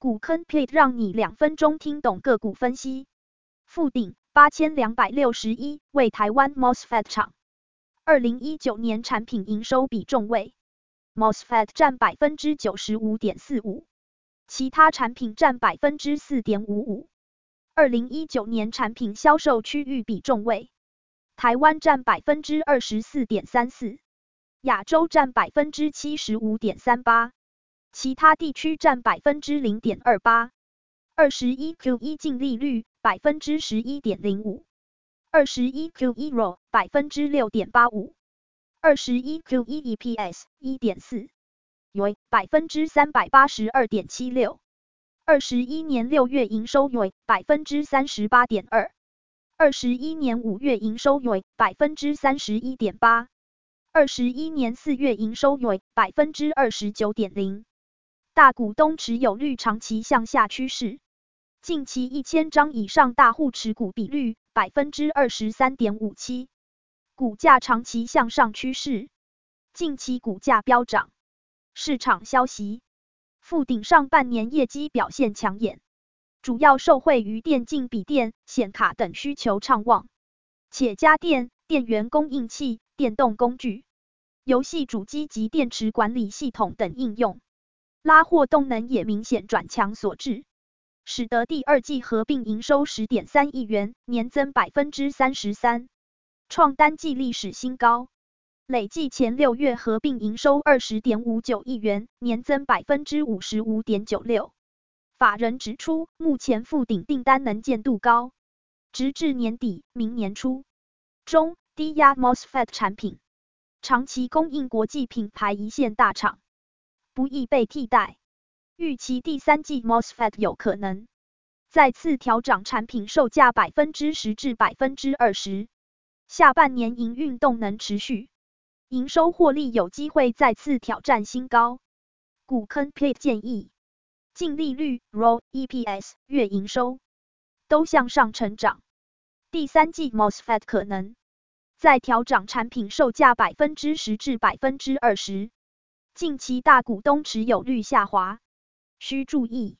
股坑 plate 讓你兩分鐘聽懂個股分析。富鼎八千兩百六十一為台灣 MOSFET 廠。二零一九年產品營收比重為 MOSFET 占百分之九十五點四五，其他產品占百分之四點五五。二零一九年產品銷售區域比重為，台灣占百分之二十四點三四，亞洲占百分之七十五點三八。其他地區占百分之零點二八。二十一 Q 一淨利率百分之十一點零五。二十一 Q 一 ROE 百分之六點八五。二十一 Q 一 EPS 一點四。YoY 百分之三百八十二點七六。二十一年六月營收為3 8百分之三十八點二。二十一年五月營收為3 1百分之三十一點八。二十一年四月營收為2 9百分之二十九點零。大股東持有率長期向下趨勢，近期一千張以上大戶持股比率百分之二十三點五七，股價長期向上趨勢，近期股價飆漲。市場消息，富鼎上半年業績表現搶眼，主要受惠於電競筆電、顯卡等需求暢旺，且家電、電源供應器、電動工具、遊戲主機及電池管理系統等應用。拉貨動能也明顯轉強所致，使得第二季合併營收十點三億元，年增百分之三十三，創單季歷史新高。累計前六月合併營收二十點五九億元，年增百分之五十五點九六。法人指出，目前富鼎訂單能見度高，直至年底、明年初。中低壓 MOSFET 產品長期供應國際品牌一線大廠。不易被替代，預期第三季 MOSFET 有可能再次調漲產品售價百分之十至百分之二十，下半年營運動能持續，營收獲利有機會再次挑戰新高。股坑 Pete 建議，淨利率、ROE、EPS、月營收都向上成長，第三季 MOSFET 可能再調漲產品售價百分之十至百分之二十。近期大股東持有率下滑，需注意。